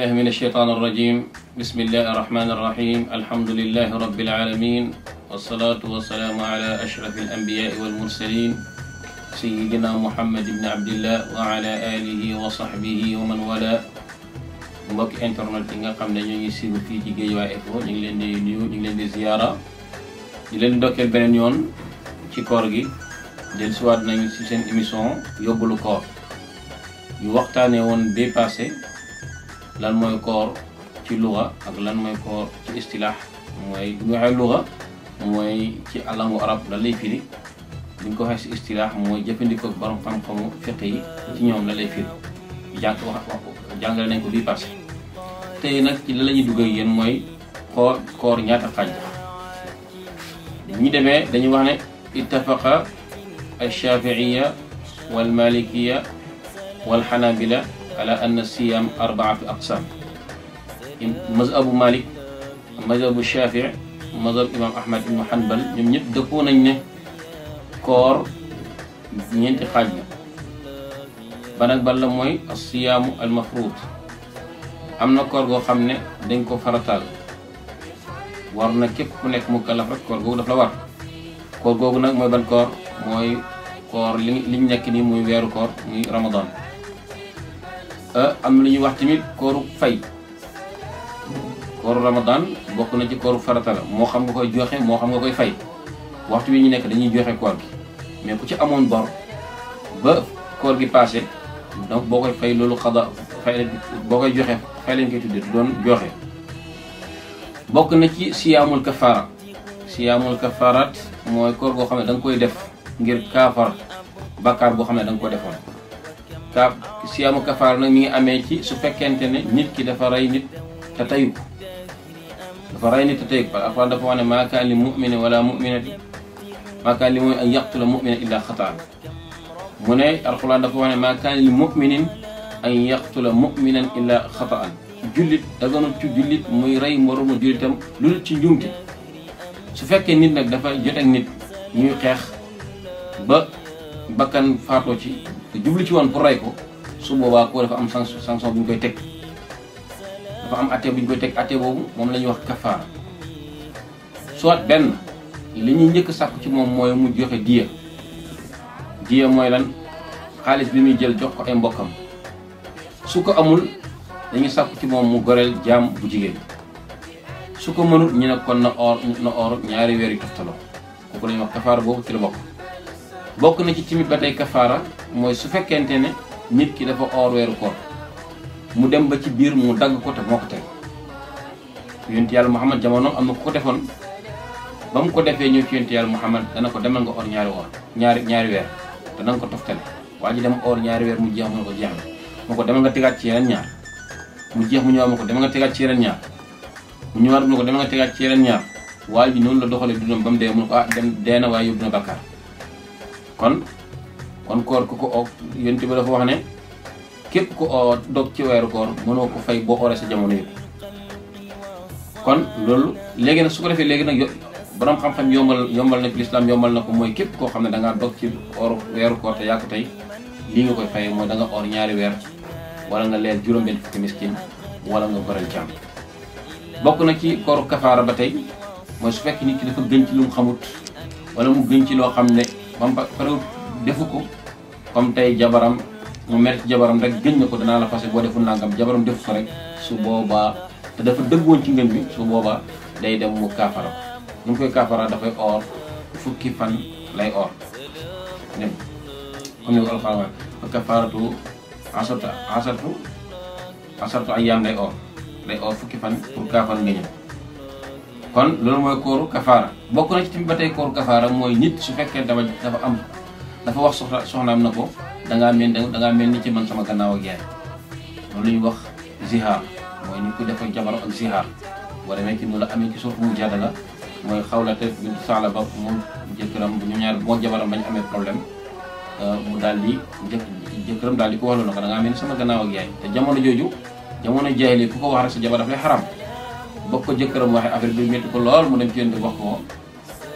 بالله من الشيطان الرجيم بسم الله الرحمن الرحيم الحمد لله رب العالمين والصلاة والسلام على أشرف الأنبياء والمرسلين سيدنا محمد بن عبد الله وعلى آله وصحبه ومن ولا مبك انترنت نغا خامنا نيغي سيغو في تي جيوا ايفو نيغ دي نيو نيغ دي زياره دي لين دوكل تي كورغي ديل سوات نيو سي سين يوبلو كور يو وقتاني بي باسي lan mooy koor ci luga ak lan mooy koor ci istilah mooy bu ñu waxee luga mooy ci alangu arab la lay firi buñ ko waxee si istilah mooy jëfandikoo borom xam-xamu fiqh ci ñoom la lay firi jàng wax wax jàngale nañ ko bii passé tey nag ci la la ñuy dugg ak yéen mooy koor koor ñaata xaaj ñi demee wax ittafaqa على أن الصيام أربعة أقسام مذهب مالك مذهب الشافعي مذهب الإمام أحمد بن حنبل نم يبدكون أن كور ينتي خاجنا بنك بالله موي الصيام المفروض أمنا كور غو خمنا دينكو فرطال warna kep ku nek mukallaf rek kor gogu dafa war kor gogu nak moy ban kor moy kor liñ liñ nek ni moy wéru kor ni ramadan Euh, am na lu ñuy wax tamit kooru fay kooru ramadan bokk na ci kooru farata la moo xam nga koy joxe moo xam nga koy fay waxtu wi ñu nekk dañuy joxe koor gi mais ku ci amoon bor ba koor gi passé donc boo koy fay loolu xada fay boo koy joxe fay leen koy tuddee doon joxe bokk na ci siyaamul kafaara siyaamul kafaaraat mooy koor goo xam ne da koy def ngir kaafar bakkaar boo xam ne da nga ko defoon ka siyaamu kafaara nag mi ngi amee ci su fekkente ne nit ki dafa rey nit te tayu ko dafa rey nit te tayu ko parce que alxuraan dafa wax ne maa kaan li mumine wala muminati maa kaan li mumin an xataan mu ne alxuraan dafa wax ne kaan li muminin an yaqtula muminan illa xataan jullit daganul ci jullit muy rey moromu jullitam lu dul ci njuumte su fekkee nit nag dafa jot ak nit ñuy xeex ba bakkan faatoo ci te jublu ci woon pour rey ko su boobaa koo dafa am sanction bu koy teg dafa am atte bu ñu koy teg atte boobu moom la ñuy wax kafaara soit benn li ñuy njëkk sàkku ci moom mooy mu joxe diya diya mooy lan xaalis bi muy jël jox ko ay mbokkam su ko amul dañuy sàkku ci moom mu goreel jaam bu jigéen su ko mënul ñu ne kon na or na or ñaari weer yu toftaloo kooku la wax kafaara boobu ci la bokk bokk na ci timit ba tey kafaara mooy su fekkente ne nit ki dafa or weeru koor mu dem ba ci biir mu dagg ko te moo ko teg yonent yàlla Muhammad jamono am na ku ko defoon ba mu ko defee ñëw ci yonent yàlla Muhammad dana ko demal nga ñaari or ñaari ñaari weer te na nga ko toftale waa ji dem or weer mu jeex mu ne ko jeex na mu ko demal nga tegaat ci yeneen ñaar mu jeex mu ñëwaat mu ko demal tegaat ci yeneen ñaar mu ñëwaat mu ne ko demal nga tegaat ci yeneen ñaar waa ji noonu la doxalee dundam ba mu dee mu ne ko ah dem dee na waaye yóbbu na bàkkaar kon kon koor ku ko oo yonent bi dafa wax ne képp ku oo dog ci weeru koor mënoo ko fay boo ooree sa jamono yëpp kon loolu léegi nag su ko defee léegi nag borom xam-xam yombal yombal na lislaam yombal na ko mooy képp koo xam ne da ngaa dog ci or weeru koor te yaa tey lii nga koy fayee mooy da nga or ñaari weer wala nga leer juróom-benn fukki miskin wala nga goreel jàmm bokk na ci kooru kafaara ba tey mooy su fekk nit ki dafa gën ci lu mu xamut wala mu gën ci loo xam ba mu pare defu ko comme tey jabaram mu metti jabaram rek gëñ na ko danaa la fase boo defu nangam jabaram defu ko rek su boobaa te dafa dëggoon ci ngën bi su boobaa day dem mu kaafara ko ñu ngi koy kaafara dafay or fukki fan lay or dégg comme ni ko alxuraan wax kafaaratu asartu asartu asartu ay yaam lay or lay or fukki fan pour kaafara ngëñam kon loolu mooy kooru kafaara bokk na ci tamit ba tey kooru kafaara mooy nit su fekkee dafa dafa am dafa wax soxla soxnaam na ko dangaa mel dangaa mel ni ci man sama gannaaw ak yaay loolu la ñuy wax zihaar mooy ni ko def ak jabar ak zihaar boo demee ci noonu la amee ci suuf mu jàdd la mooy xawlate bi saala ba moom jëkkëram bu ñoom ñaar moo jabaram bañ amee problème euh, mu daal di jëkk jëkkëram daal di ko wax na ko dangaa mel sama gannaaw ak yaay te jamono jooju jamono jaay li ku ko wax rek sa jabar daf lay xaram ba ko jëkkëram waxee affaire bi métti ko lool mu dem ci yéen wax ko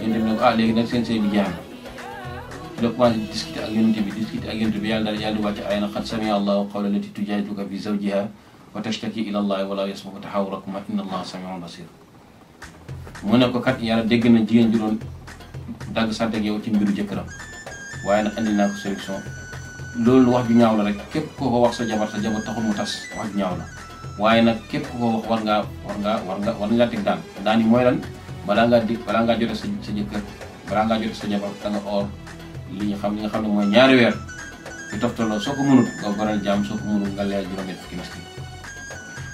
yéen ne ko ah léegi nag seen sëy bi jeex na di commencé discuter ak yonent bi discuter ak yàlla daal yàlla di wàcc ay na qad samia allahu qawla lati tujaadiluka fi zawjiha wa tashtaki ila allahi wala yasmahu tahawurakuma inna allaha samiun basir mu ne ko kat yàlla dégg na jigéen ju doon dagg sànte ak yow ci mbiru jëkkëram waaye nag naa ko loolu wax ju ñaaw la rek képp koo ko wax sa jabar sa jabar taxul mu tas wax ju ñaaw la waaye nag képp ku ko wax war ngaa war ngaa war nga war ngaa teg daan daan lan balaa ngaa di balaa ngaa jote sa sa jëkkër balaa ngaa jote sa jabar da nga or li ñu xam li nga xam ne mooy ñaari weer yu toftaloo soo ko mënut nga goral jaam soo ko mënut nga leer juróom-ñett fukki miskin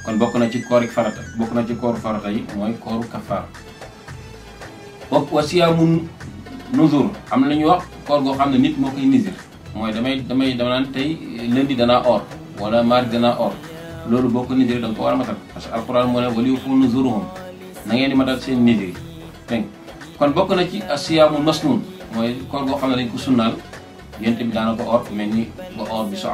kon bokk na ci koor farata bokk na ci kooru farata yi mooy kooru kafaar bokk wa nuzur am na wax koor goo xam nit moo koy nisir mooy damay damay dama naan tey lundi danaa or wala mardi dana or loolu boo ko nisee da ko war a matal parce que alquran moo ne waliyuufu nuzuurahum na ngeen di matal seen nit yi dégg kon bokk na ci asiyaamu masnuun mooy koor boo xam ne ko sunnaal yéen tamit daana ni nga or bisu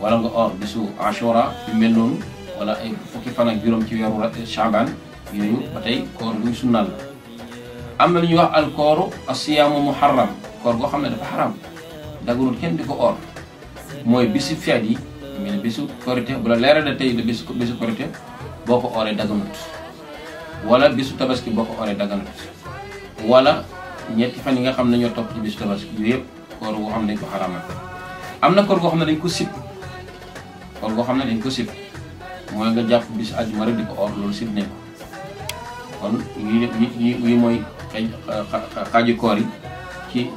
wala nga or bisu ashura mel noonu wala ay fukki fan ak juróom ci weeru chaban yooyu ba tey koor buñ na lu ñuy wax al kooru asiyaamu muharram koor boo xam ne dafa xaram daganul kenn di or mooy bisi feet yi mi ne bisu korité bu la leeral ne tey bisu bisu korité boo ko oree daganut wala bisu tabaski boo ko oree daganut wala ñetti fan yi nga xam ne ñoo topp ci bisu tabaski yooyu yëpp koor goo xam ne dañ ko xaramal am na koor goo dañ ko sib koor goo xam dañ ko sib mooy nga jàpp bisu àjjuma rek di ko or loolu sib nañ ko kon yi yi yi mooy xaaju koor yi ci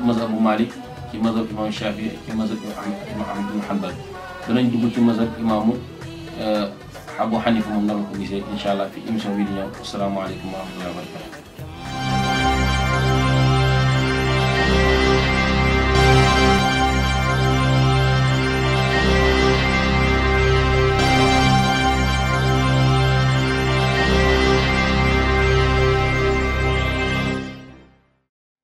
mazhab Malik ci mazhab imam Shafi ci mazhab imam Ahmad ibn Hanbal danañ dugg ci mazhab imaamu euh, Abu Hanifa moom nan la ko gisee incha allah fi émission bi di ñëw asalaamaaleykum wa rahmatulah wa barakatu